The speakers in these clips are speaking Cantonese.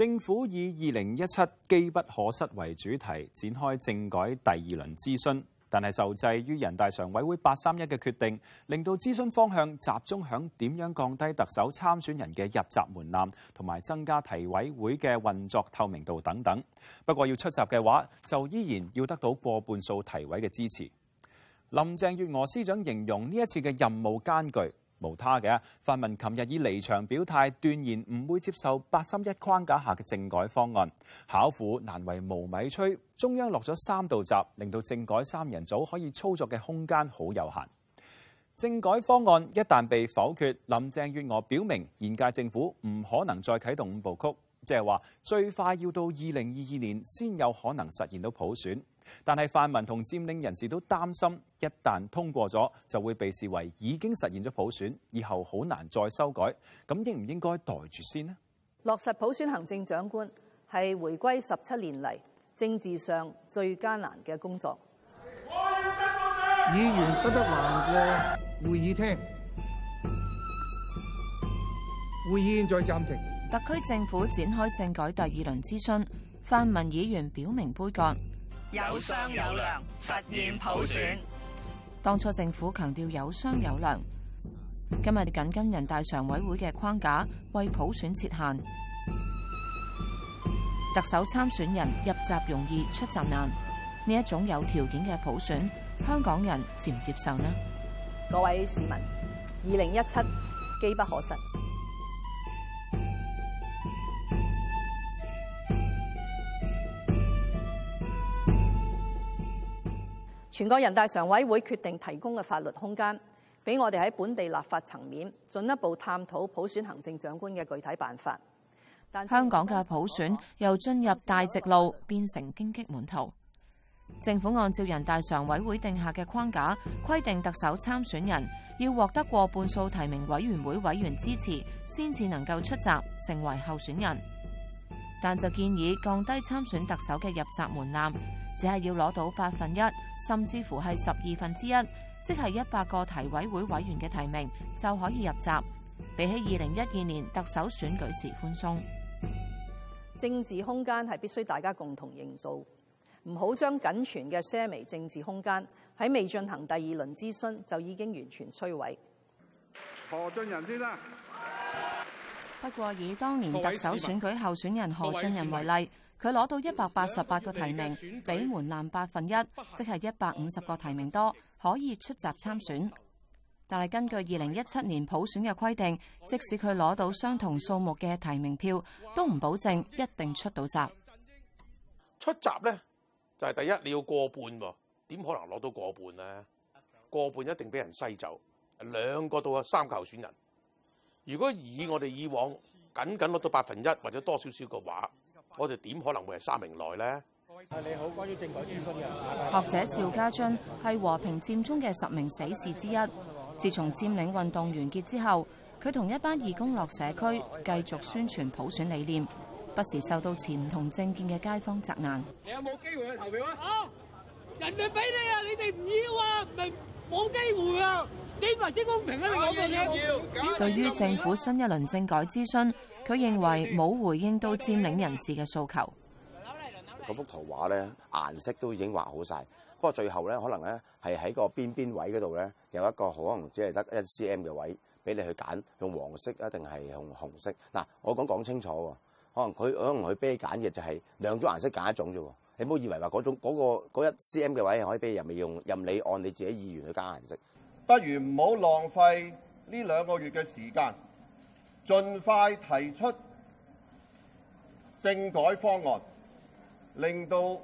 政府以二零一七機不可失為主題，展開政改第二輪諮詢。但係受制於人大常委會八三一嘅決定，令到諮詢方向集中喺點樣降低特首參選人嘅入閘門檻，同埋增加提委會嘅運作透明度等等。不過要出閘嘅話，就依然要得到過半數提委嘅支持。林鄭月娥司長形容呢一次嘅任務艱巨。無他嘅，泛民琴日以離場表態，斷言唔會接受八三一框架下嘅政改方案。巧婦難為無米炊，中央落咗三道閘，令到政改三人組可以操作嘅空間好有限。政改方案一旦被否決，林鄭月娥表明現屆政府唔可能再啟動五部曲，即係話最快要到二零二二年先有可能實現到普選。但係，泛民同佔領人士都擔心，一旦通過咗，就會被視為已經實現咗普選，以後好難再修改。咁應唔應該袋住先呢？落實普選行政長官係回歸十七年嚟政治上最艱難嘅工作。議員不得橫過會議廳，會議現在暫停。特區政府展開政改第二輪諮詢，泛民議員表明杯葛。有商有量，實現普選。當初政府強調有商有量，今日緊跟人大常委會嘅框架為普選設限。特首參選人入閘容易出閘難，呢一種有條件嘅普選，香港人接唔接受呢？各位市民，二零一七，機不可失。全國人大常委會決定提供嘅法律空間，俾我哋喺本地立法層面進一步探討普選行政長官嘅具體辦法。但香港嘅普選又進入大直路，變成荊棘滿途。政府按照人大常委會定下嘅框架規定，特首參選人要獲得過半數提名委員會委員支持，先至能夠出閘成為候選人。但就建議降低參選特首嘅入閘門檻。只係要攞到百分一，甚至乎係十二分之一，即係一百個提委會委員嘅提名就可以入閘。比起二零一二年特首選舉時寬鬆，政治空間係必須大家共同營造，唔好將僅存嘅些微政治空間喺未進行第二輪諮詢就已經完全摧毀。何俊仁先生。不過以當年特首選舉候選人何俊仁為例。佢攞到一百八十八個提名，比門檻百分一，即係一百五十個提名多，可以出閘參選。但係根據二零一七年普選嘅規定，即使佢攞到相同數目嘅提名票，都唔保證一定出到閘。出閘咧就係、是、第一你要過半喎，點可能攞到過半呢？過半一定俾人篩走，兩個到啊三個候選人。如果以我哋以往，僅僅攞到百分一或者多少少嘅話，我哋點可能會係三名內咧？學者邵家俊係和平佔中嘅十名死士之一。自從佔領運動完結之後，佢同一班義工落社區繼續宣傳普選理念，不時受到持唔同政見嘅街坊責難。你有冇機會去投票啊、哦？人哋俾你啊，你哋唔要啊，明冇機會啊！對於政府新一輪政改諮詢，佢認為冇回應到佔領人士嘅訴求。嗰幅圖畫咧，顏色都已經畫好晒。不過最後咧，可能咧係喺個邊邊位嗰度咧有一個可能只係得一 cm 嘅位俾你去揀用黃色啊，定係用紅色嗱。我講講清楚喎，可能佢可能佢俾你揀嘅就係兩種顏色揀一種啫。你唔好以為話嗰種個一 cm 嘅位置可以俾你任咪用，任你按你自己意願去加顏色。不如唔好浪費呢兩個月嘅時間，盡快提出政改方案，令到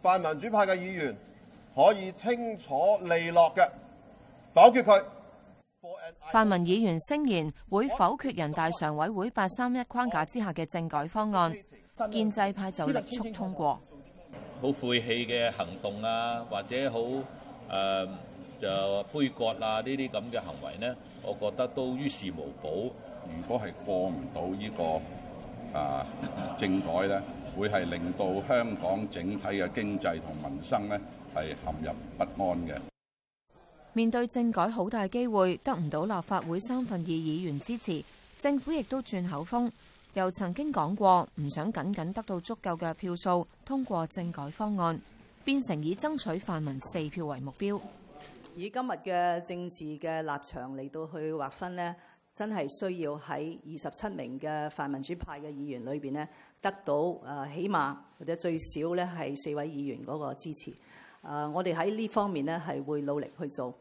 泛民主派嘅議員可以清楚利落嘅否決佢。泛民議員聲言會否決人大常委會八三一框架之下嘅政改方案，建制派就力促通過。好晦氣嘅行動啊，或者好誒。呃就杯葛啊！呢啲咁嘅行為呢，我覺得都於事無補。如果係過唔到呢個啊政改呢，會係令到香港整體嘅經濟同民生呢，係陷入不安嘅。面對政改好大機會得唔到立法會三分二議員支持，政府亦都轉口風，又曾經講過唔想僅僅得到足夠嘅票數，通過政改方案，變成以爭取泛民四票為目標。以今日嘅政治嘅立場嚟到去劃分咧，真係需要喺二十七名嘅泛民主派嘅議員裏邊咧，得到誒起碼或者最少咧係四位議員嗰個支持。誒、呃，我哋喺呢方面咧係會努力去做。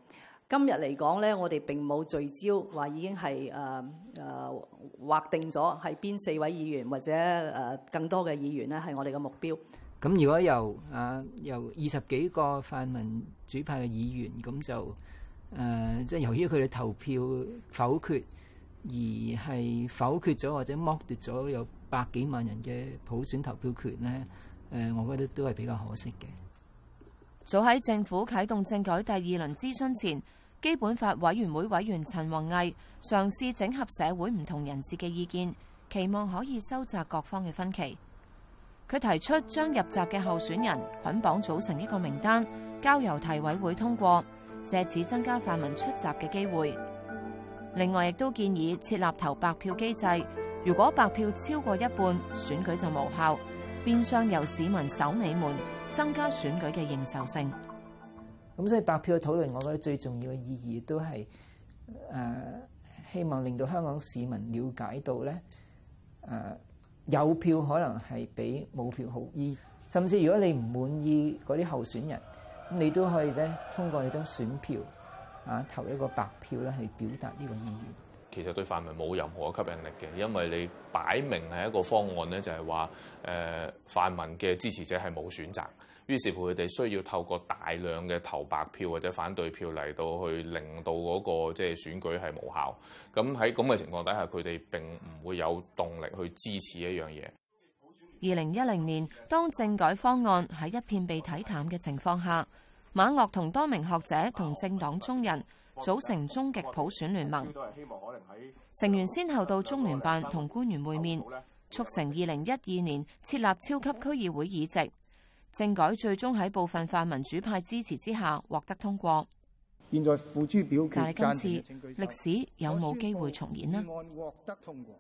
今日嚟講咧，我哋並冇聚焦話已經係誒誒劃定咗係邊四位議員或者誒、呃、更多嘅議員咧係我哋嘅目標。咁如果由啊由二十幾個泛民主派嘅議員，咁就誒、呃、即係由於佢哋投票否決，而係否決咗或者剝奪咗有百幾萬人嘅普選投票權咧，誒、呃、我覺得都係比較可惜嘅。早喺政府啟動政改第二輪諮詢前，基本法委員會委員陳弘毅嘗試整合社會唔同人士嘅意見，期望可以收集各方嘅分歧。佢提出將入閘嘅候選人捆綁組成一個名單，交由提委會通過，借此增加泛民出閘嘅機會。另外，亦都建議設立投白票機制，如果白票超過一半，選舉就無效，變相由市民守尾門，增加選舉嘅認受性。咁所以白票嘅討論，我覺得最重要嘅意義都係誒、呃，希望令到香港市民了解到咧誒。呃有票可能係比冇票好意，意，甚至如果你唔滿意嗰啲候選人，你都可以咧通過你張選票啊投一個白票咧去表達呢個意願。其實對泛民冇任何吸引力嘅，因為你擺明係一個方案咧，就係話誒泛民嘅支持者係冇選擇。於是乎，佢哋需要透過大量嘅投白票或者反對票嚟到去令到嗰個即係選舉係無效。咁喺咁嘅情況底下，佢哋並唔會有動力去支持一樣嘢。二零一零年，當政改方案喺一片被睇淡嘅情況下，馬岳同多名學者同政黨中人組成終極普選聯盟，成員先後到中聯辦同官員會面，促成二零一二年設立超級區議會議席。政改最終喺部分泛民主派支持之下獲得通過。現在付諸表決，但係今次歷史有冇機會重演呢？案獲得通過，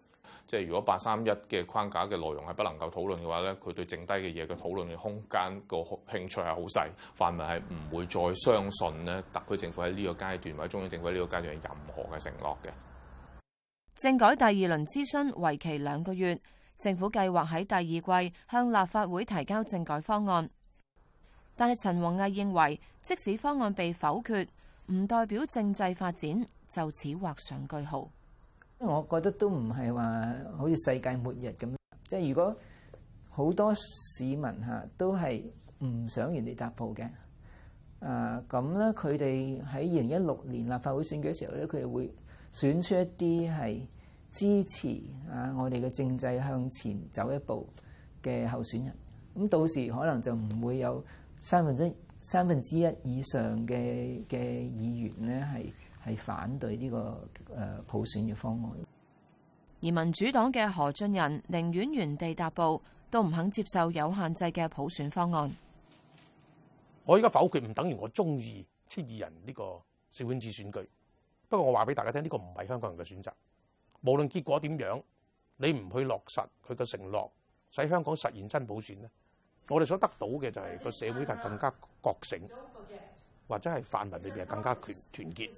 即係如果八三一嘅框架嘅內容係不能夠討論嘅話，咧，佢對剩低嘅嘢嘅討論嘅空間個興趣係好細，泛民係唔會再相信咧特區政府喺呢個階段或者中央政府喺呢個階段任何嘅承諾嘅。政改第二輪諮詢為期兩個月。政府計劃喺第二季向立法會提交政改方案，但係陳弘毅認為，即使方案被否決，唔代表政制發展就此畫上句號。我覺得都唔係話好似世界末日咁，即係如果好多市民吓都係唔想原地踏步嘅，啊咁咧，佢哋喺二零一六年立法會選舉嘅時候咧，佢哋會選出一啲係。支持啊，我哋嘅政制向前走一步嘅候選人，咁到時可能就唔會有三分之三分之一以上嘅嘅議員咧，係係反對呢個誒普選嘅方案。而民主黨嘅何俊仁寧願原地踏步，都唔肯接受有限制嘅普選方案。我而家否決唔等於我中意千二人呢個小圈子選舉，不過我話俾大家聽，呢個唔係香港人嘅選擇。無論結果點樣，你唔去落實佢個承諾，使香港實現真普選咧，我哋所得到嘅就係個社會係更加覺醒，或者係泛民裏邊更加團團結。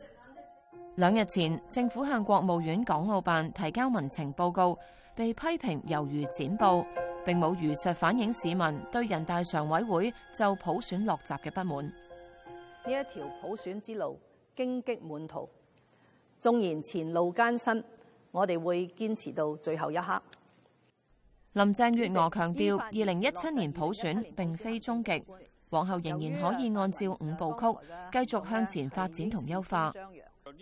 兩日前，政府向國務院港澳辦提交民情報告，被批評猶如剪報，並冇如實反映市民對人大常委會就普選落閘嘅不滿。呢一條普選之路，荊棘滿途，縱然前路艱辛。我哋會堅持到最後一刻。林鄭月娥強調，二零一七年普選並非終極，往後仍然可以按照五部曲繼續向前發展同優化。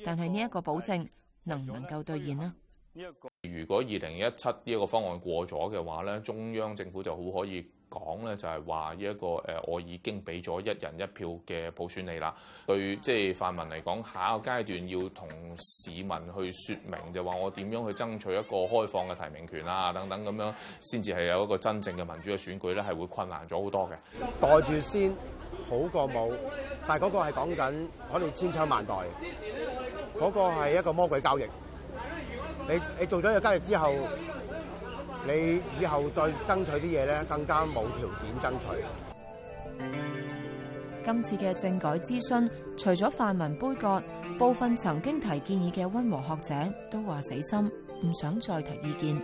但係呢一個保證能唔能夠兌現呢？如果二零一七呢一個方案過咗嘅話呢，中央政府就好可以。講咧就係話依一個誒，我已經俾咗一人一票嘅普選你啦。對即係泛民嚟講，下一個階段要同市民去説明，就話我點樣去爭取一個開放嘅提名權啦，等等咁樣，先至係有一個真正嘅民主嘅選舉咧，係會困難咗好多嘅。袋住先好過冇，但係嗰個係講緊我哋千秋萬代，嗰個係一個魔鬼交易。你你做咗個交易之後。你以後再爭取啲嘢咧，更加冇條件爭取。今次嘅政改諮詢，除咗泛民杯葛，部分曾經提建議嘅溫和學者都話死心，唔想再提意見。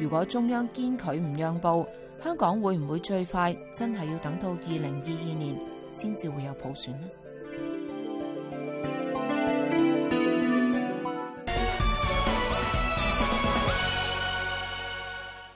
如果中央堅拒唔讓步，香港會唔會最快真係要等到二零二二年先至會有普選呢？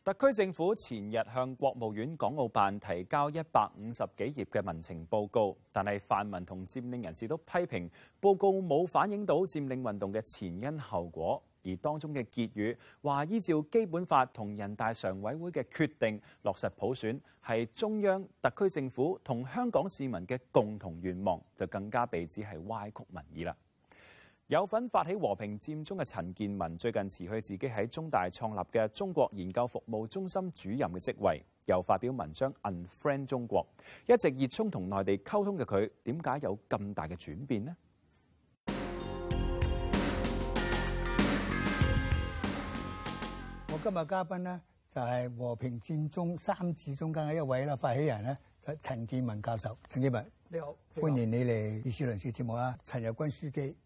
特區政府前日向國務院港澳辦提交一百五十幾頁嘅民情報告，但係泛民同佔領人士都批評報告冇反映到佔領運動嘅前因後果，而當中嘅結語話依照基本法同人大常委會嘅決定落實普選，係中央、特區政府同香港市民嘅共同願望，就更加被指係歪曲民意啦。有份發起和平佔中嘅陳健民最近辭去自己喺中大創立嘅中國研究服務中心主任嘅職位，又發表文章 unfriend 中國。一直熱衷同內地溝通嘅佢，點解有咁大嘅轉變呢？我今日嘉賓呢就係、是、和平佔中三子中間嘅一位啦，發起人呢就陳、是、健民教授。陳健民你，你好，歡迎你嚟議事論事節目啊。陳日君書記。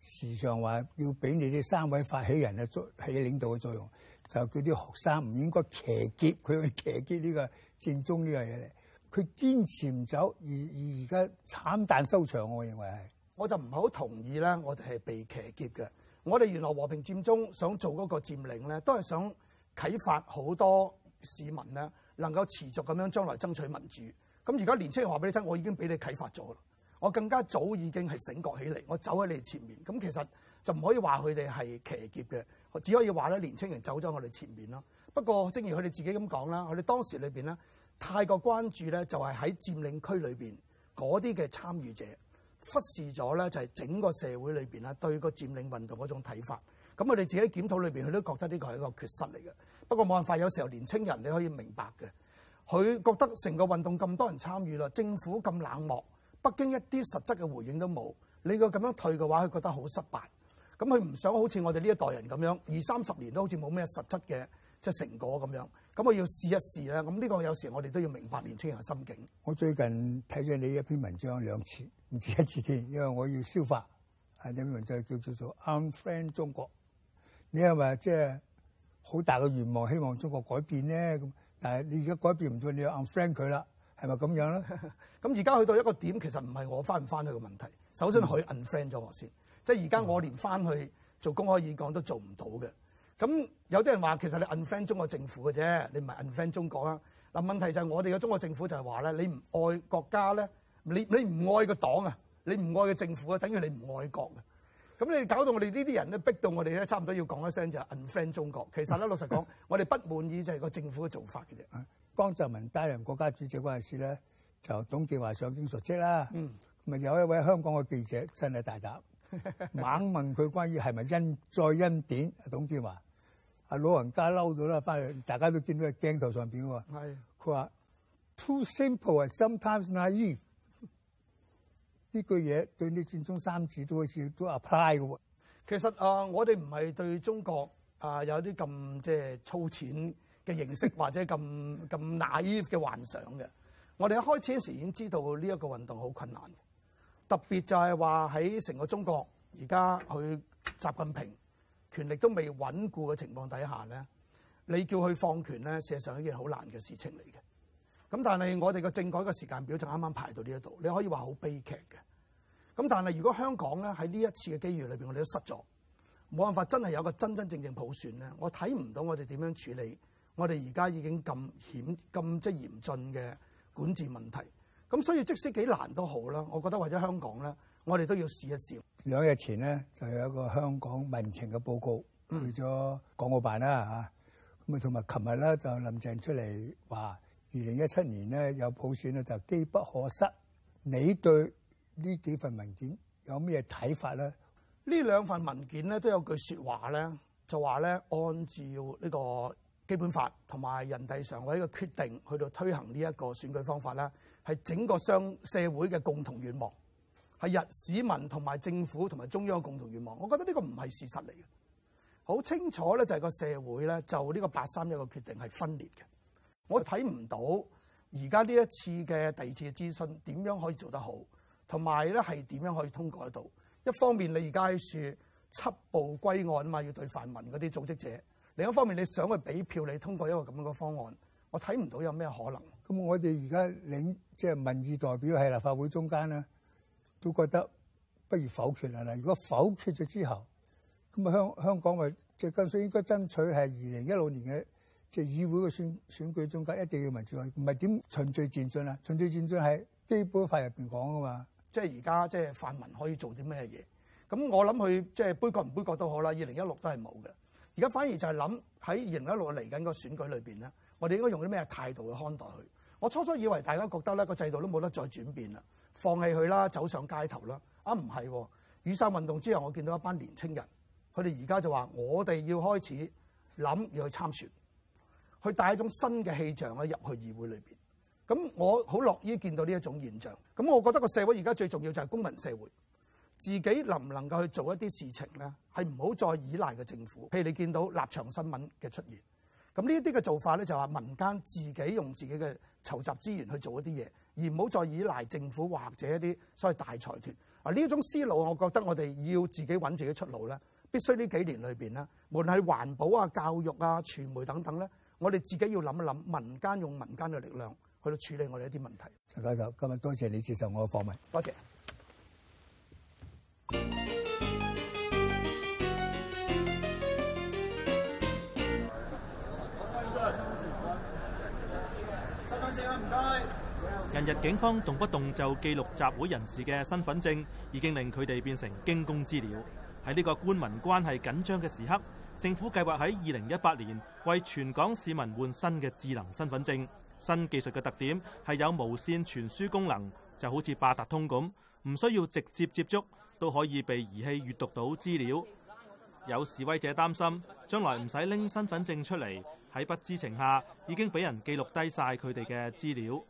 時常話要俾你啲三位發起人嘅作起領導嘅作用，就叫啲學生唔應該騎劫佢去騎劫呢個佔中呢樣嘢嚟。佢堅持唔走，而而而家慘淡收場，我認為係，我就唔係好同意啦。我哋係被騎劫嘅。我哋原來和平佔中想做嗰個佔領咧，都係想啟發好多市民咧，能夠持續咁樣將來爭取民主。咁而家年青人話俾你聽，我已經俾你啟發咗我更加早已經係醒覺起嚟，我走喺你哋前面。咁其實就唔可以話佢哋係騎劫嘅，只可以話咧年青人走咗我哋前面咯。不過正如佢哋自己咁講啦，我哋當時裏邊咧太過關注咧，就係喺佔領區裏邊嗰啲嘅參與者，忽視咗咧就係整個社會裏邊啦對個佔領運動嗰種睇法。咁佢哋自己檢討裏邊，佢都覺得呢個係一個缺失嚟嘅。不過冇辦法，有時候年青人你可以明白嘅，佢覺得成個運動咁多人參與啦，政府咁冷漠。北京一啲實質嘅回應都冇，你個咁樣退嘅話，佢覺得好失敗。咁佢唔想好似我哋呢一代人咁樣二三十年都好似冇咩實質嘅即係成果咁樣。咁我要試一試啦。咁呢個有時我哋都要明白年輕人嘅心境。我最近睇咗你一篇文章兩次，唔止一次添，因為我要消化。啊，呢篇文章叫叫做 Unfriend 中國。你係咪？即係好大嘅願望，希望中國改變咧咁，但係你而家改變唔到，你要 unfriend 佢啦。係咪咁樣咧？咁而家去到一個點，其實唔係我翻唔翻去嘅問題。首先佢 unfriend 咗我先，嗯、即係而家我連翻去做公開演講都做唔到嘅。咁有啲人話其實你 unfriend 中國政府嘅啫，你唔係 unfriend 中國啊？嗱，問題就係我哋嘅中國政府就係話咧，你唔愛國家咧，你你唔愛個黨啊，你唔愛嘅政府啊，等於你唔愛國啊。咁你搞到我哋呢啲人咧，逼到我哋咧，差唔多要講一聲就係 unfriend 中國。其實咧，老實講， 我哋不滿意就係個政府嘅做法嘅啫。江澤民擔任國家主席嗰陣時咧，就董建華上京述職啦。咪、嗯、有一位香港嘅記者真係大膽，猛問佢關於係咪因再恩典董建華啊，老人家嬲到啦，翻大家都見到喺鏡頭上邊喎。佢話：too simple 啊 sometimes naive。呢句嘢對你佔中三子都好似都 apply 嘅喎。其實啊，我哋唔係對中國啊有啲咁即係粗淺。嘅形式或者咁咁 naive 嘅幻想嘅。我哋一開始嗰時已經知道呢一個運動好困難嘅，特別就係話喺成個中國而家去習近平權力都未穩固嘅情況底下咧，你叫佢放權咧，事實上係一件好難嘅事情嚟嘅。咁但係我哋嘅政改嘅時間表就啱啱排到呢一度，你可以話好悲劇嘅。咁但係如果香港咧喺呢一次嘅機遇裏邊，我哋都失咗冇辦法，真係有個真真正正普選咧，我睇唔到我哋點樣處理。我哋而家已經咁險咁即嚴峻嘅管治問題，咁所以即使幾難都好啦。我覺得為咗香港咧，我哋都要試一試。兩日前咧就有一個香港民情嘅報告去咗港澳辦啦、啊、嚇，咁、嗯、啊同埋琴日咧就林鄭出嚟話二零一七年咧有普選咧就機不可失。你對呢幾份文件有咩睇法咧？呢兩份文件咧都有句說話咧，就話咧按照呢、這個。基本法同埋人大常委嘅決定去到推行呢一個選舉方法咧，係整個商社會嘅共同願望，係日市民同埋政府同埋中央嘅共同願望。我覺得呢個唔係事實嚟嘅，好清楚咧就係個社會咧，就呢個八三一嘅決定係分裂嘅。我睇唔到而家呢一次嘅第二次嘅諮詢點樣可以做得好，同埋咧係點樣可以通過得到。一方面你而家喺說緝捕歸案啊嘛，要對泛民嗰啲組織者。另一方面，你想去俾票你通過一個咁樣嘅方案，我睇唔到有咩可能。咁我哋而家領即係、就是、民意代表喺立法會中間咧，都覺得不如否決啦。如果否決咗之後，咁啊香香港咪即係應該爭取係二零一六年嘅即係議會嘅選選舉中間一定要民主去，唔係點循序漸進啊？循序漸進係基本法入邊講噶嘛。即係而家即係泛民可以做啲咩嘢？咁我諗佢即係杯葛唔杯葛都好啦。二零一六都係冇嘅。而家反而就係諗喺二零一六嚟緊個選舉裏邊咧，我哋應該用啲咩態度去看待佢？我初初以為大家覺得咧個制度都冇得再轉變啦，放棄佢啦，走上街頭啦。啊唔係喎，雨傘運動之後，我見到一班年青人，佢哋而家就話：我哋要開始諗要去參選，去帶一種新嘅氣象咧入去議會裏邊。咁我好樂於見到呢一種現象。咁我覺得個社會而家最重要就係公民社會。自己能唔能夠去做一啲事情呢？係唔好再依賴個政府。譬如你見到立場新聞嘅出現，咁呢啲嘅做法呢，就話民間自己用自己嘅籌集資源去做一啲嘢，而唔好再依賴政府或者一啲所謂大財團。啊，呢一種思路，我覺得我哋要自己揾自己出路咧，必須呢幾年裏邊咧，無論係環保啊、教育啊、傳媒等等呢，我哋自己要諗一諗，民間用民間嘅力量去到處理我哋一啲問題。陳教授，今日多謝你接受我嘅訪問，多謝。近日，警方動不動就記錄集會人士嘅身份證，已經令佢哋變成驚弓之鳥。喺呢個官民關係緊張嘅時刻，政府計劃喺二零一八年為全港市民換新嘅智能身份證。新技術嘅特點係有無線傳輸功能，就好似八達通咁，唔需要直接接觸。都可以被儀器閲讀到資料。有示威者擔心，將來唔使拎身份證出嚟，喺不知情下已經俾人記錄低晒佢哋嘅資料。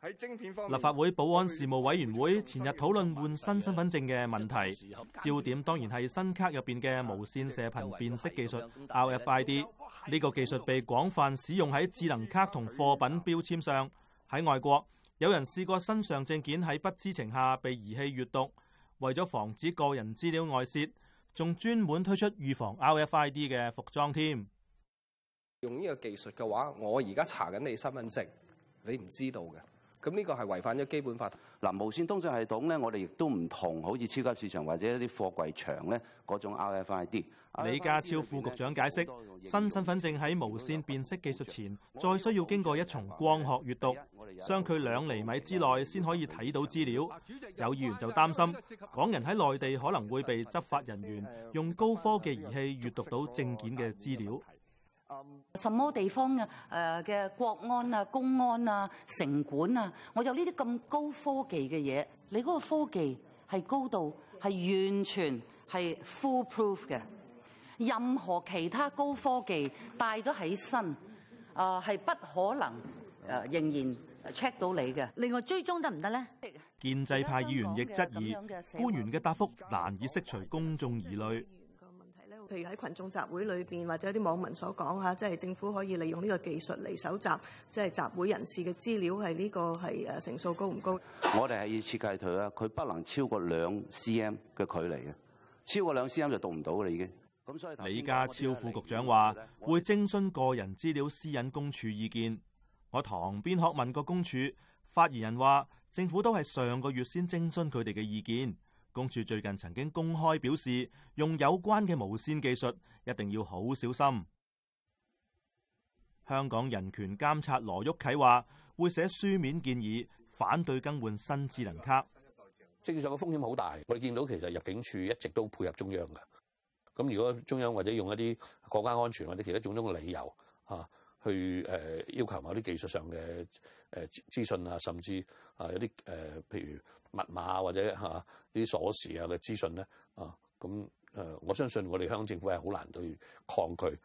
喺晶片方面，立法會保安事務委員會前日討論換新身份證嘅問題，焦點當然係新卡入面嘅無線射頻辨識技術 RFID。呢個技術被廣泛使用喺智能卡同貨品標籤上。喺外國，有人試過身上證件喺不知情下被儀器閲讀。為咗防止個人資料外泄，仲專門推出預防 RFID 嘅服裝添。用呢個技術嘅話，我而家查緊你身份證，你唔知道嘅。咁呢個係違反咗基本法。嗱，無線通訊系統呢，我哋亦都唔同，好似超級市場或者一啲貨櫃場呢，嗰種 RFID。李家超副局長解釋，新身份證喺無線辨識技術前，再需要經過一重光學閱讀，相距兩厘米之內先可以睇到資料。有議員就擔心，港人喺內地可能會被執法人員用高科技儀器閱讀到證件嘅資料。什麼地方嘅誒嘅國安啊、公安啊、城管啊，我有呢啲咁高科技嘅嘢，你嗰個科技係高度，係完全係 full proof 嘅，任何其他高科技帶咗喺身啊，係、呃、不可能誒、呃、仍然 check 到你嘅。另外追蹤得唔得咧？建制派議員亦質疑官員嘅答覆難以釋除公眾疑慮。譬如喺群眾集會裏邊，或者啲網民所講吓，即係政府可以利用呢個技術嚟搜集，即係集會人士嘅資料，係呢個係誒成數高唔高？我哋係要設計佢啊，佢不能超過兩 cm 嘅距離嘅，超過兩 cm 就讀唔到啦已經。咁所以，李家超副局長話會徵詢個人資料私隱公署意見，我堂邊學問個公署發言人話，政府都係上個月先徵詢佢哋嘅意見。公署最近曾經公開表示，用有關嘅無線技術一定要好小心。香港人權監察羅旭啟話，會寫書面建議反對更換新智能卡。正常嘅風險好大，我哋見到其實入境處一直都配合中央㗎。咁如果中央或者用一啲國家安全或者其他種種嘅理由啊。去誒要求某啲技術上嘅誒資訊啊，甚至啊有啲誒譬如密碼或者嚇啲鎖匙啊嘅資訊咧啊，咁誒我相信我哋香港政府係好難對抗拒。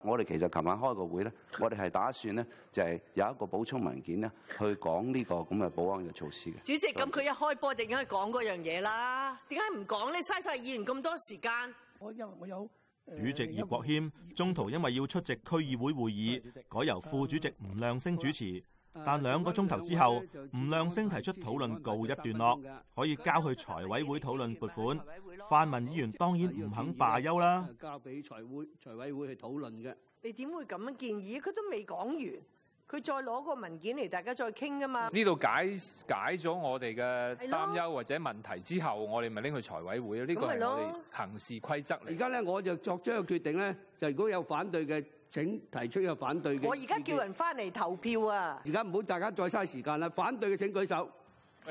我哋其實琴晚開個會咧，我哋係打算咧就係有一個補充文件咧去講呢個咁嘅保安嘅措施嘅。主席，咁佢一開波就已經係講嗰樣嘢啦，點解唔講咧？嘥晒議員咁多時間。我因為我有。主席葉國謙中途因為要出席區議會會議，改由副主席吳亮星主持。但兩個鐘頭之後，吳亮星提出討論告一段落，可以交去財委會討論撥款。泛民議員當然唔肯罷休啦。交俾財會財委會去討論嘅。你點會咁樣建議？佢都未講完。佢再攞個文件嚟，大家再傾㗎嘛？呢度解解咗我哋嘅擔憂或者問題之後，我哋咪拎去財委會咯。呢、這個係我哋行事規則嚟。而家呢，我就作咗一個決定呢，就如果有反對嘅，請提出一個反對嘅。我而家叫人返嚟投票啊！而家唔好大家再嘥時間啦，反對嘅請舉手。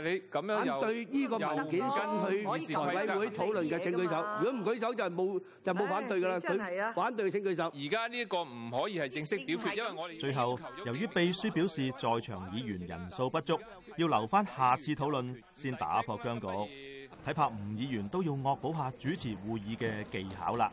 你咁樣反對呢個文件送去委員會討論嘅請舉手，如果唔舉手就係冇就冇反對噶啦，佢反對請舉手。而家呢一個唔可以係正式表決，因為我哋最後由於秘書表示在場議員人數不足，要留翻下次討論先打破僵局。睇怕吳議員都要惡補下主持會議嘅技巧啦。